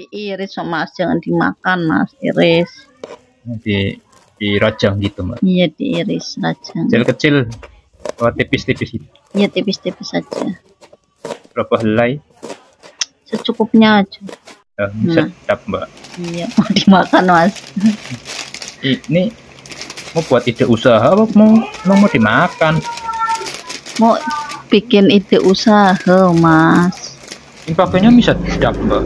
diiris mas jangan dimakan mas iris oh, di dirajang gitu mas iya diiris rajang kecil kecil oh tipis tipis gitu iya tipis tipis saja berapa helai? Secukupnya aja. Eh, nah. Hmm. Sedap mbak. Iya mau dimakan mas. Ini mau buat ide usaha apa mau mau, mau dimakan? Mau bikin ide usaha mas. Ini pakainya bisa sedap mbak.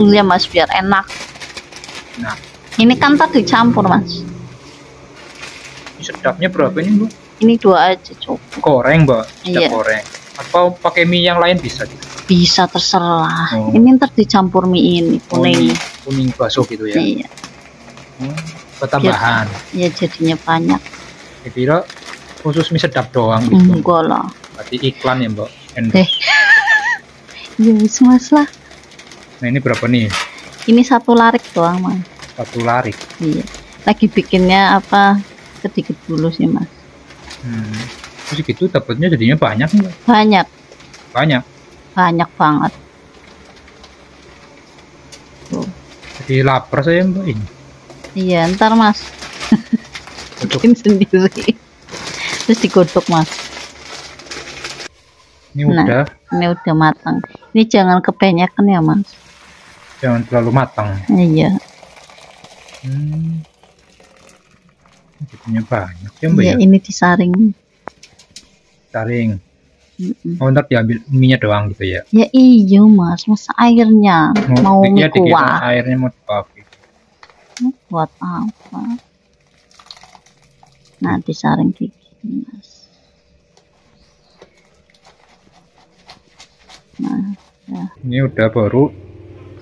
Iya mas biar enak. Nah. Ini kan tadi campur mas. Sedapnya berapa ini bu? Ini dua aja cukup. Koreng mbak. Sedap iya. Koreng atau pakai mie yang lain bisa gitu? bisa terserah hmm. ini ntar dicampur mie ini oh, kuning oh, kuning bakso gitu ya iya hmm, oh, tambahan ya jadinya banyak kira khusus mie sedap doang gitu enggak lah berarti iklan ya mbak eh ya wis mas lah nah ini berapa nih ini satu larik doang mas satu larik iya lagi bikinnya apa sedikit dulu sih mas hmm terus gitu dapatnya jadinya banyak nggak banyak banyak banyak banget tuh. jadi lapar saya mbak ini iya ntar mas bikin sendiri terus digodok mas ini nah, udah ini udah matang ini jangan kebanyakan ya mas jangan terlalu matang iya hmm. jadinya banyak ya mbak ya, ya? ini disaring saring Mm-mm. Oh, ntar diambil minyak doang gitu ya? Ya iya mas, masa airnya oh, mau, mau ya, kuah? airnya mau dipakai. Buat apa? Nanti saring gigi mas. Nah, ya. Ini udah baru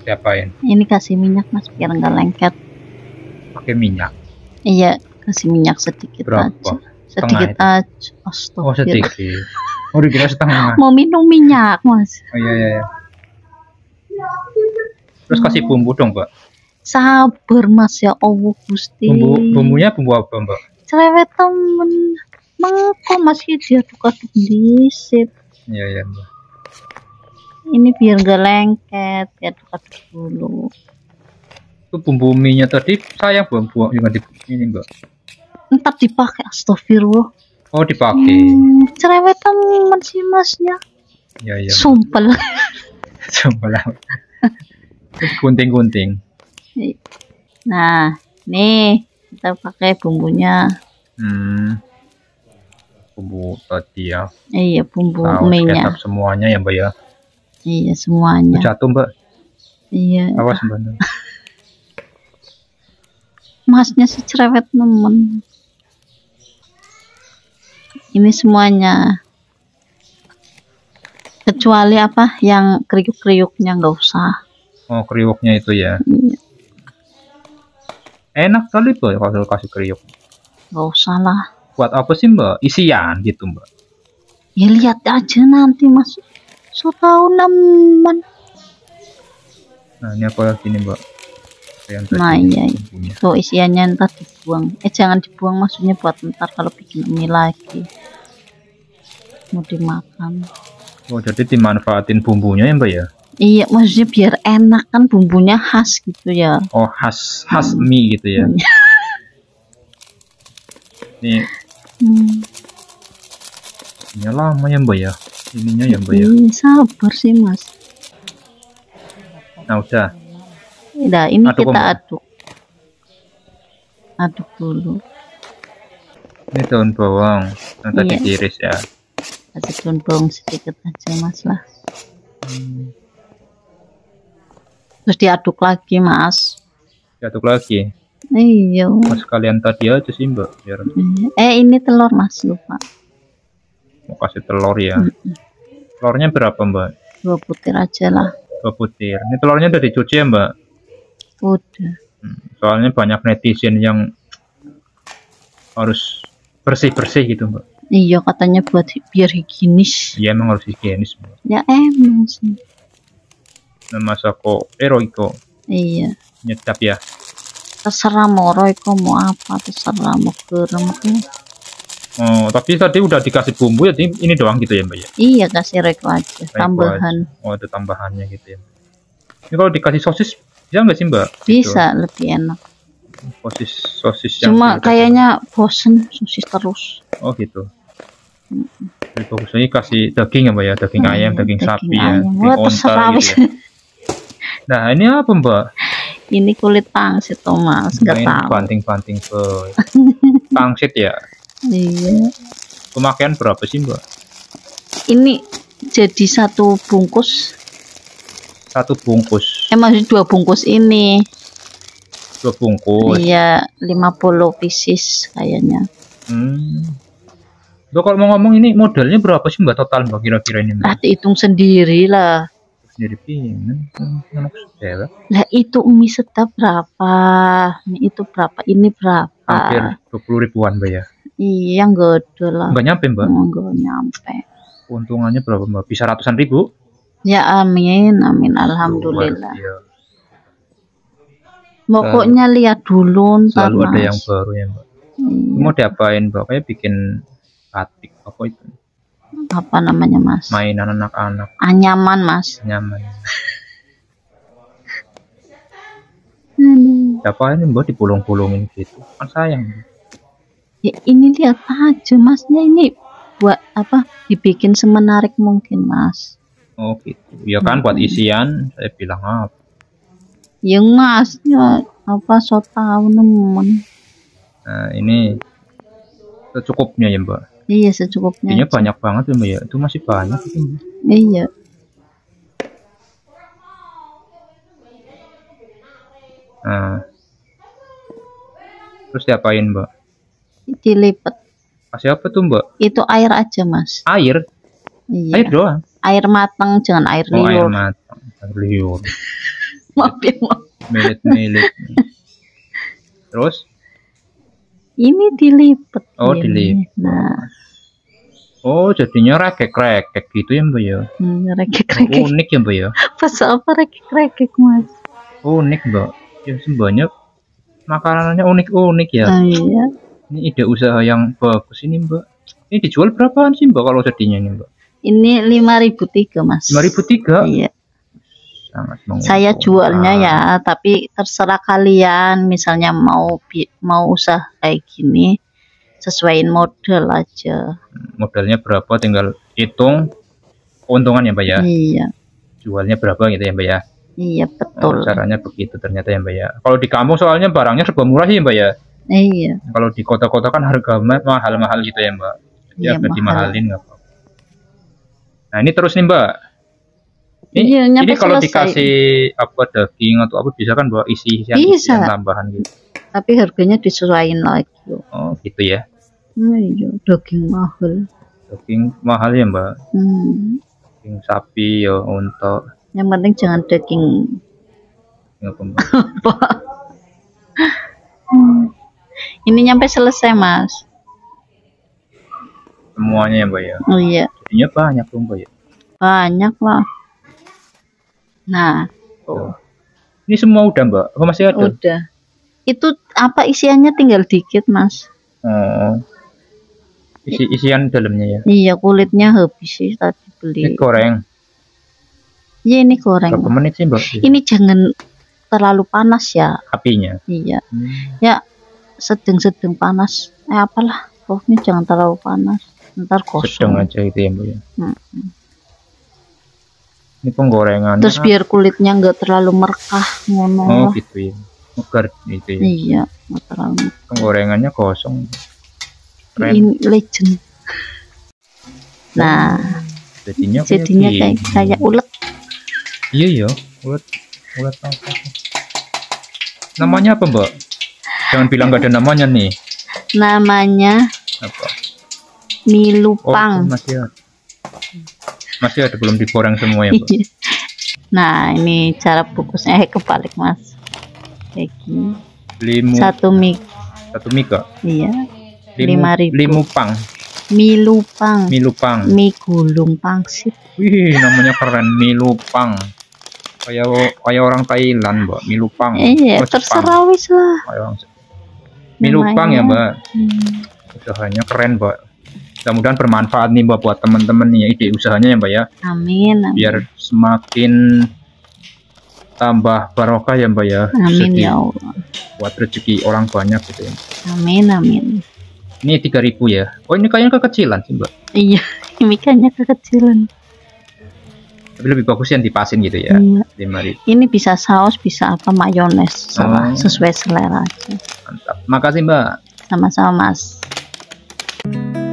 siapain? Ini kasih minyak mas, biar nggak lengket. Pakai minyak? Iya, kasih minyak sedikit Berapa? aja. Setengah sedikit aja. Ah, Astagfirullah. Oh, sedikit. Oh, dikira setengah. Mau minum minyak, Mas. Oh iya iya. iya. Terus kasih hmm. bumbu dong, Mbak. Sabar, Mas ya Allah Gusti. Bumbu bumbunya bumbu apa, Mbak? Cerewet temen. Mengko masih dia buka disip. Iya iya, Mbak. Ini biar gak lengket, ya tuh dulu. Itu bumbu minyak tadi sayang buang-buang ini, Mbak entar dipakai astagfirullah oh dipakai hmm, cerewetan masih masnya ya, ya, ya sumpel sumpel gunting-gunting iya. nah nih kita pakai bumbunya hmm. bumbu tadi ya iya bumbu minyak semuanya ya mbak ya iya semuanya jatuh mbak iya awas mbak masnya si cerewet nemen ini semuanya kecuali apa yang kriuk-kriuknya nggak usah oh kriuknya itu ya iya. enak kali tuh ya, kalau kasih kriuk nggak usah lah buat apa sih mbak isian gitu mbak ya lihat aja nanti mas so tau naman nah ini apa lagi nih mbak yang nah iya itu iya. isiannya ntar dibuang eh jangan dibuang maksudnya buat ntar kalau bikin ini lagi mau dimakan oh jadi dimanfaatin bumbunya ya mbak ya iya maksudnya biar enak kan bumbunya khas gitu ya oh khas khas hmm. mie gitu ya hmm. ini hmm. ini lama ya mbak ya ininya ya mbak ya sabar sih mas nah udah Nah, ini aduk kita aduk. Aduk dulu. Ini daun bawang yang tadi yes. Iya. diiris ya tapi gondrong sedikit aja mas lah terus diaduk lagi mas diaduk lagi iya mas kalian tadi aja sih mbak biar iya. eh ini telur mas lupa mau kasih telur ya telurnya berapa mbak dua butir aja lah dua butir ini telurnya udah dicuci ya mbak udah hmm, soalnya banyak netizen yang harus bersih bersih gitu mbak Iya katanya buat biar higienis. Iya emang harus higienis. Ya emang sih. nama sako eroiko. Eh, iya. Nyetap ya. Terserah mau eroiko mau apa terserah mau kerem Oh, tapi tadi udah dikasih bumbu ya ini doang gitu ya, Mbak ya? Iya, kasih roiko aja, roiko tambahan. Aja. Oh, ada tambahannya gitu ya. Ini kalau dikasih sosis bisa nggak sih, Mbak? Bisa, gitu. lebih enak sosis sosis yang cuma kayaknya bosen sosis terus oh gitu jadi fokusnya kasih daging ya mbak ya daging hmm, ayam daging, daging sapi ya. ayam. ya daging onta gitu ya. nah ini apa mbak ini kulit pangsit Thomas nggak tahu banting-banting ke pangsit ya iya pemakaian berapa sih mbak ini jadi satu bungkus satu bungkus eh dua bungkus ini dua bungkus. Iya, 50 pieces kayaknya. Hmm. kalau mau ngomong ini modalnya berapa sih Mbak total Mbak kira-kira ini? Mbak? Ah, dihitung sendiri lah. Sendiri pinter. Lah itu mie setap berapa? Mie itu berapa? Ini berapa? Hampir 20 ribuan Mbak ya? Iya, ada lah. Enggak nyampe Mbak? Enggak nyampe. Untungannya berapa Mbak? Bisa ratusan ribu? Ya amin, amin. Alhamdulillah. Luar, iya. Pokoknya eh, lihat dulu ntar Selalu mas. ada yang baru ya mbak. Iya. Mau diapain mbak? bikin batik apa itu? Apa namanya mas? Mainan anak-anak. Anyaman mas. Anyaman. apa ini mbak dipulung-pulungin gitu? Kan sayang. Ya ini lihat aja masnya ini buat apa dibikin semenarik mungkin mas. Oh gitu. Ya kan hmm. buat isian saya bilang apa yang masnya apa so tahu nemen nah ini secukupnya ya mbak iya secukupnya ini banyak banget ya mbak ya itu masih banyak ini. iya nah terus diapain mbak dilipat kasih apa tuh mbak itu air aja mas air iya. air doang air matang jangan air oh, liur air matang air liur maaf ya maaf melit melit terus ini dilipet oh dilipet nah Oh, jadinya krek kayak gitu ya, Mbak ya? Hmm, rekek Oh, unik ya, Mbak ya? Pas apa rakyat rekek Mas? Unik, Mbak. Ya, sembanyak makanannya unik-unik ya. Oh, iya. Ini ide usaha yang bagus ini, Mbak. Ini dijual berapaan sih, Mbak, kalau jadinya ini, Mbak? Ini lima ribu tiga Mas. Lima ribu tiga? Iya sangat Saya jualnya ya, tapi terserah kalian. Misalnya mau mau usaha kayak gini, sesuaiin model aja. Hmm, modelnya berapa? Tinggal hitung keuntungan ya, Mbak ya. Iya. Jualnya berapa gitu ya, Mbak ya. Iya betul. Oh, caranya begitu ternyata ya, Mbak ya. Kalau di kampung soalnya barangnya serba murah sih, ya, Mbak ya. Iya. Kalau di kota-kota kan harga mahal-mahal gitu ya, Mbak. Jadi iya, mahal. dimahalin nggak apa Nah ini terus nih Mbak, ini, iya, ini kalau dikasih apa daging atau apa bisa kan bawa isi isian, bisa. tambahan gitu. Tapi harganya disesuaikan lagi. Gitu. Oh, gitu ya. Oh, iya, daging mahal. Daging mahal ya, Mbak? Hmm. Daging sapi ya, untuk. Yang penting jangan daging. Ya, apa? Hmm. Ini nyampe selesai, Mas. Semuanya ya, Mbak ya. Oh iya. Jadinya banyak, Mbak ya. Banyak lah. Nah, oh. Ini semua udah, Mbak? Oh, masih ada? Udah. Itu apa isiannya tinggal dikit, Mas. Oh. Isi iya. isian dalamnya ya. Iya, kulitnya habis sih tadi beli. Ini goreng. Iya, ini goreng. Berapa menit sih, Mbak? Ini jangan terlalu panas ya. Apinya. Iya. Hmm. Ya sedang-sedang panas. Eh apalah, ini jangan terlalu panas. Ntar kosong. Sedang aja itu ya, Mbak. Hmm ini penggorengan terus biar kulitnya nggak terlalu merkah ngono oh gitu ya Mekar, itu ya iya nggak terlalu penggorengannya kosong Keren. ini legend nah jadinya jadinya kayak kayak ulet iya iya ulet ulet apa namanya apa mbak jangan bilang nggak ada namanya nih namanya apa milupang oh, masih ada masih ada belum digoreng semua ya bu. nah ini cara bungkusnya eh kebalik mas lagi satu mik satu mik kok iya lima ribu limu pang milupang milupang Mi gulung pangsit wih namanya keren milupang kayak kayak orang Thailand mbak milupang iya oh, terserah wis lah mie lupang ya mbak hmm. hanya keren mbak mudah-mudahan bermanfaat nih mbak buat teman-teman nih ya, ide usahanya ya mbak ya amin, amin. biar semakin tambah barokah ya mbak ya amin Sedih. ya Allah buat rezeki orang banyak gitu ya amin amin ini 3000 ya oh ini kayaknya kekecilan sih mbak iya ini kayaknya kekecilan tapi lebih bagus yang dipasin gitu ya iya. ini bisa saus bisa apa mayones sama oh. sesuai selera aja mantap makasih mbak sama-sama mas thank you